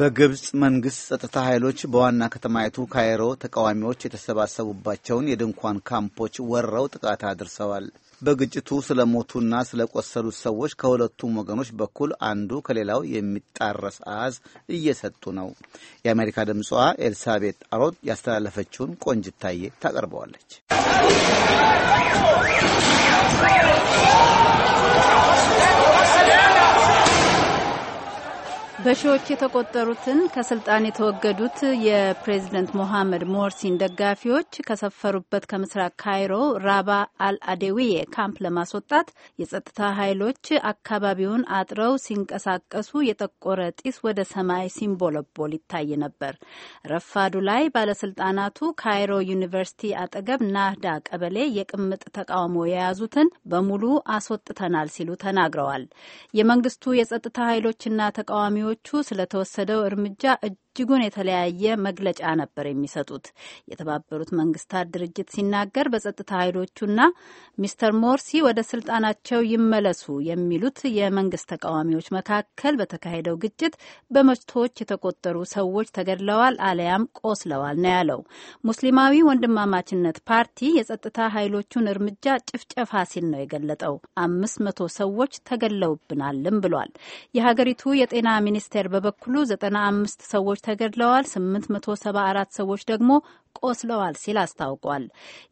በግብፅ መንግሥት ጸጥታ ኃይሎች በዋና ከተማይቱ ካይሮ ተቃዋሚዎች የተሰባሰቡባቸውን የድንኳን ካምፖች ወረው ጥቃት አድርሰዋል። በግጭቱ ስለሞቱና ቆሰሉት ሰዎች ከሁለቱም ወገኖች በኩል አንዱ ከሌላው የሚጣረስ አዝ እየሰጡ ነው። የአሜሪካ ድምፅዋ ኤልሳቤት አሮት ያስተላለፈችውን ቆንጅታዬ ታቀርበዋለች። በሺዎች የተቆጠሩትን ከስልጣን የተወገዱት የፕሬዝደንት ሞሐመድ ሞርሲን ደጋፊዎች ከሰፈሩበት ከምስራቅ ካይሮ ራባ አልአዴዊዬ ካምፕ ለማስወጣት የጸጥታ ኃይሎች አካባቢውን አጥረው ሲንቀሳቀሱ የጠቆረ ጢስ ወደ ሰማይ ሲንቦለቦል ይታይ ነበር። ረፋዱ ላይ ባለስልጣናቱ ካይሮ ዩኒቨርሲቲ አጠገብ ናህዳ ቀበሌ የቅምጥ ተቃውሞ የያዙትን በሙሉ አስወጥተናል ሲሉ ተናግረዋል። የመንግስቱ የጸጥታ ኃይሎችና ተቃዋሚዎች በመሪዎቹ ስለተወሰደው እርምጃ እጅ እጅጉን የተለያየ መግለጫ ነበር የሚሰጡት። የተባበሩት መንግስታት ድርጅት ሲናገር በጸጥታ ኃይሎቹና ሚስተር ሞርሲ ወደ ስልጣናቸው ይመለሱ የሚሉት የመንግስት ተቃዋሚዎች መካከል በተካሄደው ግጭት በመቶዎች የተቆጠሩ ሰዎች ተገድለዋል አለያም ቆስለዋል ነው ያለው። ሙስሊማዊ ወንድማማችነት ፓርቲ የጸጥታ ኃይሎቹን እርምጃ ጭፍጨፋ ሲል ነው የገለጠው። አምስት መቶ ሰዎች ተገለውብናልም ብሏል። የሀገሪቱ የጤና ሚኒስቴር በበኩሉ ዘጠና አምስት ሰዎች ተገድለዋል። 874 ሰዎች ደግሞ ቆስለዋል ሲል አስታውቋል።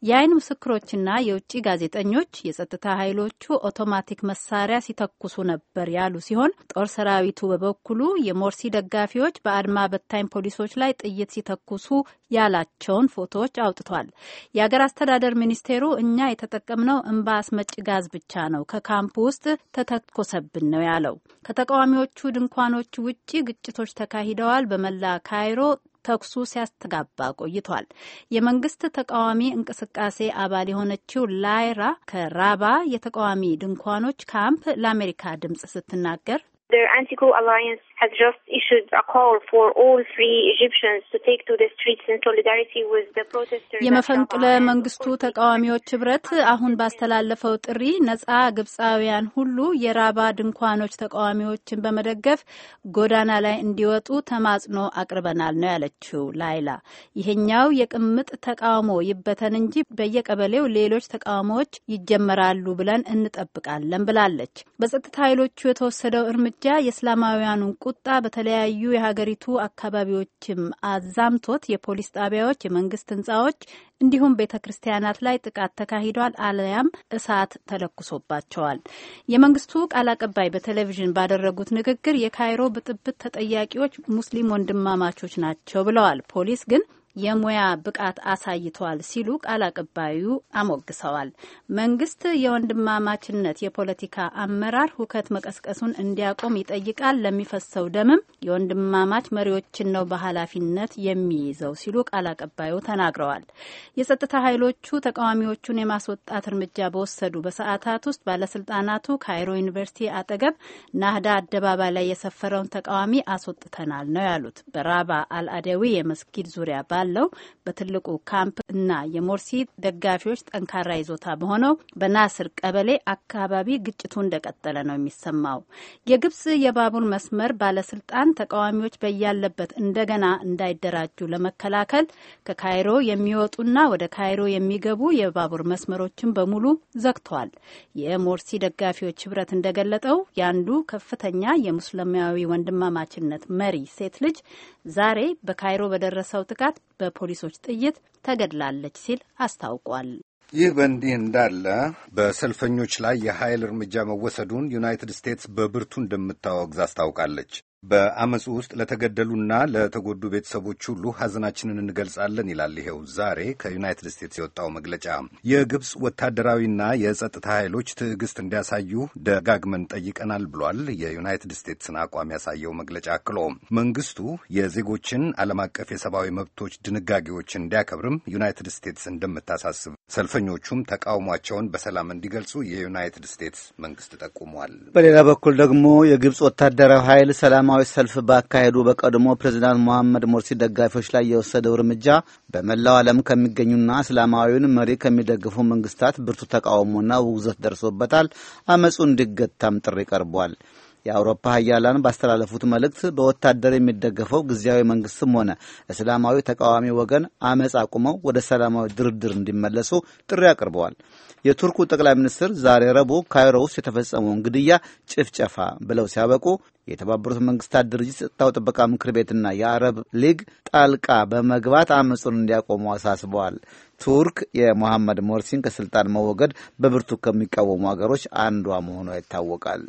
የአይን ምስክሮችና የውጭ ጋዜጠኞች የጸጥታ ኃይሎቹ ኦቶማቲክ መሳሪያ ሲተኩሱ ነበር ያሉ ሲሆን ጦር ሰራዊቱ በበኩሉ የሞርሲ ደጋፊዎች በአድማ በታኝ ፖሊሶች ላይ ጥይት ሲተኩሱ ያላቸውን ፎቶዎች አውጥቷል። የአገር አስተዳደር ሚኒስቴሩ እኛ የተጠቀምነው እንባ አስመጭ ጋዝ ብቻ ነው፣ ከካምፕ ውስጥ ተተኮሰብን ነው ያለው። ከተቃዋሚዎቹ ድንኳኖች ውጪ ግጭቶች ተካሂደዋል። በመላ ካይሮ ተኩሱ ሲያስተጋባ ቆይቷል። የመንግስት ተቃዋሚ እንቅስቃሴ አባል የሆነችው ላይራ ከራባ የተቃዋሚ ድንኳኖች ካምፕ ለአሜሪካ ድምጽ ስትናገር The Anti-Coup Alliance has just issued a call for all free Egyptians to take to the streets in solidarity with the protesters. የመፈንቅለ መንግስቱ ተቃዋሚዎች ህብረት አሁን ባስተላለፈው ጥሪ ነጻ ግብፃውያን ሁሉ የራባ ድንኳኖች ተቃዋሚዎችን በመደገፍ ጎዳና ላይ እንዲወጡ ተማጽኖ አቅርበናል ነው ያለችው ላይላ። ይሄኛው የቅምጥ ተቃውሞ ይበተን እንጂ በየቀበሌው ሌሎች ተቃውሞዎች ይጀመራሉ ብለን እንጠብቃለን ብላለች። በጸጥታ ኃይሎቹ የተወሰደው እርምጃ እርምጃ የእስላማውያኑን ቁጣ በተለያዩ የሀገሪቱ አካባቢዎችም አዛምቶት የፖሊስ ጣቢያዎች፣ የመንግስት ህንጻዎች እንዲሁም ቤተ ክርስቲያናት ላይ ጥቃት ተካሂዷል፣ አለያም እሳት ተለኩሶባቸዋል። የመንግስቱ ቃል አቀባይ በቴሌቪዥን ባደረጉት ንግግር የካይሮ ብጥብጥ ተጠያቂዎች ሙስሊም ወንድማማቾች ናቸው ብለዋል። ፖሊስ ግን የሙያ ብቃት አሳይቷል ሲሉ ቃል አቀባዩ አሞግሰዋል። መንግስት የወንድማማችነት የፖለቲካ አመራር ሁከት መቀስቀሱን እንዲያቆም ይጠይቃል፣ ለሚፈሰው ደምም የወንድማማች መሪዎችን ነው በኃላፊነት የሚይዘው ሲሉ ቃል አቀባዩ ተናግረዋል። የጸጥታ ኃይሎቹ ተቃዋሚዎቹን የማስወጣት እርምጃ በወሰዱ በሰዓታት ውስጥ ባለስልጣናቱ ካይሮ ዩኒቨርሲቲ አጠገብ ናህዳ አደባባይ ላይ የሰፈረውን ተቃዋሚ አስወጥተናል ነው ያሉት። በራባ አልአደዊ የመስጊድ ዙሪያ ባለ ባለው በትልቁ ካምፕ እና የሞርሲ ደጋፊዎች ጠንካራ ይዞታ በሆነው በናስር ቀበሌ አካባቢ ግጭቱ እንደቀጠለ ነው የሚሰማው። የግብጽ የባቡር መስመር ባለስልጣን ተቃዋሚዎች በያለበት እንደገና እንዳይደራጁ ለመከላከል ከካይሮ የሚወጡና ወደ ካይሮ የሚገቡ የባቡር መስመሮችን በሙሉ ዘግቷል። የሞርሲ ደጋፊዎች ህብረት እንደገለጠው የአንዱ ከፍተኛ የሙስሊማዊ ወንድማማችነት መሪ ሴት ልጅ ዛሬ በካይሮ በደረሰው ጥቃት በፖሊሶች ጥይት ተገድላለች ሲል አስታውቋል። ይህ በእንዲህ እንዳለ በሰልፈኞች ላይ የኃይል እርምጃ መወሰዱን ዩናይትድ ስቴትስ በብርቱ እንደምታወግዝ አስታውቃለች። በአመፁ ውስጥ ለተገደሉና ለተጎዱ ቤተሰቦች ሁሉ ሐዘናችንን እንገልጻለን ይላል ይኸው ዛሬ ከዩናይትድ ስቴትስ የወጣው መግለጫ። የግብፅ ወታደራዊና የጸጥታ ኃይሎች ትዕግስት እንዲያሳዩ ደጋግመን ጠይቀናል ብሏል። የዩናይትድ ስቴትስን አቋም ያሳየው መግለጫ አክሎ መንግስቱ የዜጎችን ዓለም አቀፍ የሰብአዊ መብቶች ድንጋጌዎችን እንዲያከብርም ዩናይትድ ስቴትስ እንደምታሳስብ፣ ሰልፈኞቹም ተቃውሟቸውን በሰላም እንዲገልጹ የዩናይትድ ስቴትስ መንግስት ጠቁሟል። በሌላ በኩል ደግሞ የግብፅ ወታደራዊ ኃይል ሰላም ሰላማዊ ሰልፍ ባካሄዱ በቀድሞ ፕሬዚዳንት መሐመድ ሞርሲ ደጋፊዎች ላይ የወሰደው እርምጃ በመላው ዓለም ከሚገኙና እስላማዊውን መሪ ከሚደግፉ መንግስታት ብርቱ ተቃውሞና ውግዘት ደርሶበታል። አመፁ እንዲገታም ጥሪ ቀርቧል። የአውሮፓ ሀያላን ባስተላለፉት መልእክት በወታደር የሚደገፈው ጊዜያዊ መንግስትም ሆነ እስላማዊ ተቃዋሚ ወገን አመፅ አቁመው ወደ ሰላማዊ ድርድር እንዲመለሱ ጥሪ አቅርበዋል። የቱርኩ ጠቅላይ ሚኒስትር ዛሬ ረቡዕ ካይሮ ውስጥ የተፈጸመውን ግድያ ጭፍጨፋ ብለው ሲያበቁ የተባበሩት መንግስታት ድርጅት ጸጥታው ጥበቃ ምክር ቤትና የአረብ ሊግ ጣልቃ በመግባት አመፁን እንዲያቆሙ አሳስበዋል። ቱርክ የሞሐመድ ሞርሲን ከስልጣን መወገድ በብርቱ ከሚቃወሙ ሀገሮች አንዷ መሆኗ ይታወቃል።